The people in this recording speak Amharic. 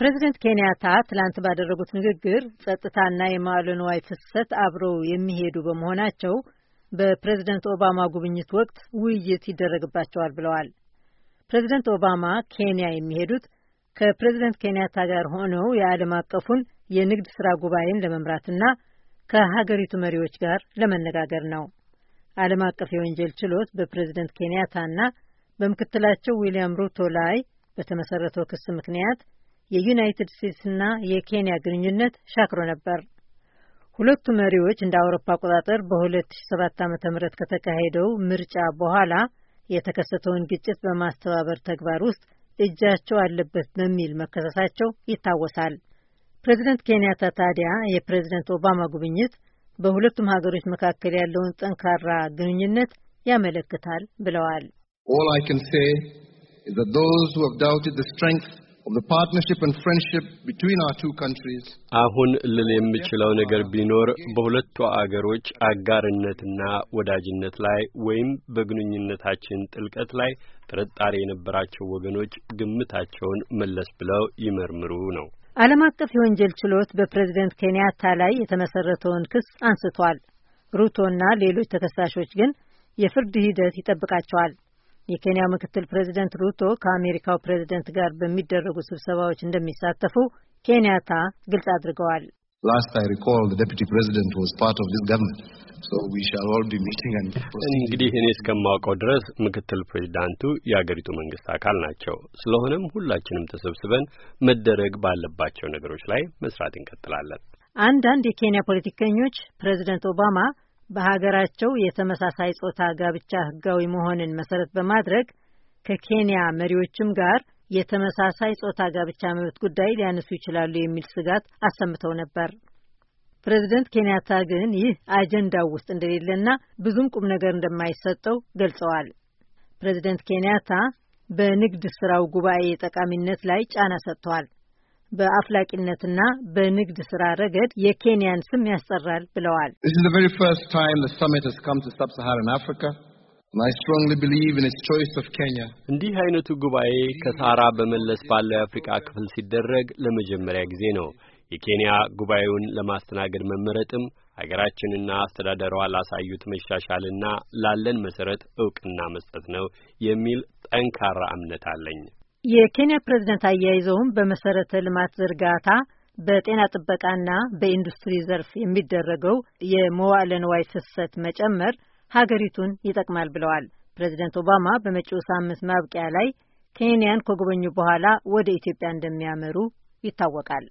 ፕሬዚደንት ኬንያታ ትላንት ባደረጉት ንግግር ጸጥታና የማዕለ ንዋይ ፍሰት አብረው የሚሄዱ በመሆናቸው በፕሬዝደንት ኦባማ ጉብኝት ወቅት ውይይት ይደረግባቸዋል ብለዋል። ፕሬዝደንት ኦባማ ኬንያ የሚሄዱት ከፕሬዝደንት ኬንያታ ጋር ሆነው የዓለም አቀፉን የንግድ ሥራ ጉባኤን ለመምራትና ከሀገሪቱ መሪዎች ጋር ለመነጋገር ነው። ዓለም አቀፍ የወንጀል ችሎት በፕሬዝደንት ኬንያታና በምክትላቸው ዊልያም ሩቶ ላይ በተመሰረተው ክስ ምክንያት የዩናይትድ ስቴትስና የኬንያ ግንኙነት ሻክሮ ነበር። ሁለቱ መሪዎች እንደ አውሮፓ አቆጣጠር በ2007 ዓ ም ከተካሄደው ምርጫ በኋላ የተከሰተውን ግጭት በማስተባበር ተግባር ውስጥ እጃቸው አለበት በሚል መከሰሳቸው ይታወሳል። ፕሬዚደንት ኬንያታ ታዲያ የፕሬዚደንት ኦባማ ጉብኝት በሁለቱም ሀገሮች መካከል ያለውን ጠንካራ ግንኙነት ያመለክታል ብለዋል። All I can say is that those who have doubted the strength አሁን ልል የምችለው ነገር ቢኖር በሁለቱ አገሮች አጋርነትና ወዳጅነት ላይ ወይም በግንኙነታችን ጥልቀት ላይ ጥርጣሬ የነበራቸው ወገኖች ግምታቸውን መለስ ብለው ይመርምሩ ነው። ዓለም አቀፍ የወንጀል ችሎት በፕሬዝደንት ኬንያታ ላይ የተመሰረተውን ክስ አንስቷል። ሩቶና ሌሎች ተከሳሾች ግን የፍርድ ሂደት ይጠብቃቸዋል። የኬንያ ምክትል ፕሬዚደንት ሩቶ ከአሜሪካው ፕሬዚደንት ጋር በሚደረጉ ስብሰባዎች እንደሚሳተፉ ኬንያታ ግልጽ አድርገዋል። እንግዲህ እኔ እስከማውቀው ድረስ ምክትል ፕሬዚዳንቱ የአገሪቱ መንግስት አካል ናቸው። ስለሆነም ሁላችንም ተሰብስበን መደረግ ባለባቸው ነገሮች ላይ መስራት እንቀጥላለን። አንዳንድ የኬንያ ፖለቲከኞች ፕሬዚደንት ኦባማ በሀገራቸው የተመሳሳይ ጾታ ጋብቻ ህጋዊ መሆንን መሰረት በማድረግ ከኬንያ መሪዎችም ጋር የተመሳሳይ ጾታ ጋብቻ መብት ጉዳይ ሊያነሱ ይችላሉ የሚል ስጋት አሰምተው ነበር። ፕሬዚደንት ኬንያታ ግን ይህ አጀንዳው ውስጥ እንደሌለና ብዙም ቁም ነገር እንደማይሰጠው ገልጸዋል። ፕሬዚደንት ኬንያታ በንግድ ስራው ጉባኤ ጠቃሚነት ላይ ጫና ሰጥተዋል። በአፍላቂነትና በንግድ ስራ ረገድ የኬንያን ስም ያስጠራል ብለዋል። እንዲህ አይነቱ ጉባኤ ከሳራ በመለስ ባለው የአፍሪቃ ክፍል ሲደረግ ለመጀመሪያ ጊዜ ነው። የኬንያ ጉባኤውን ለማስተናገድ መመረጥም ሀገራችንና አስተዳደሯ ላሳዩት መሻሻልና ላለን መሰረት እውቅና መስጠት ነው የሚል ጠንካራ እምነት አለኝ። የኬንያ ፕሬዝደንት አያይዘውም በመሰረተ ልማት ዝርጋታ፣ በጤና ጥበቃና በኢንዱስትሪ ዘርፍ የሚደረገው የመዋዕለ ንዋይ ፍሰት መጨመር ሀገሪቱን ይጠቅማል ብለዋል። ፕሬዝደንት ኦባማ በመጪው ሳምንት ማብቂያ ላይ ኬንያን ከጎበኙ በኋላ ወደ ኢትዮጵያ እንደሚያመሩ ይታወቃል።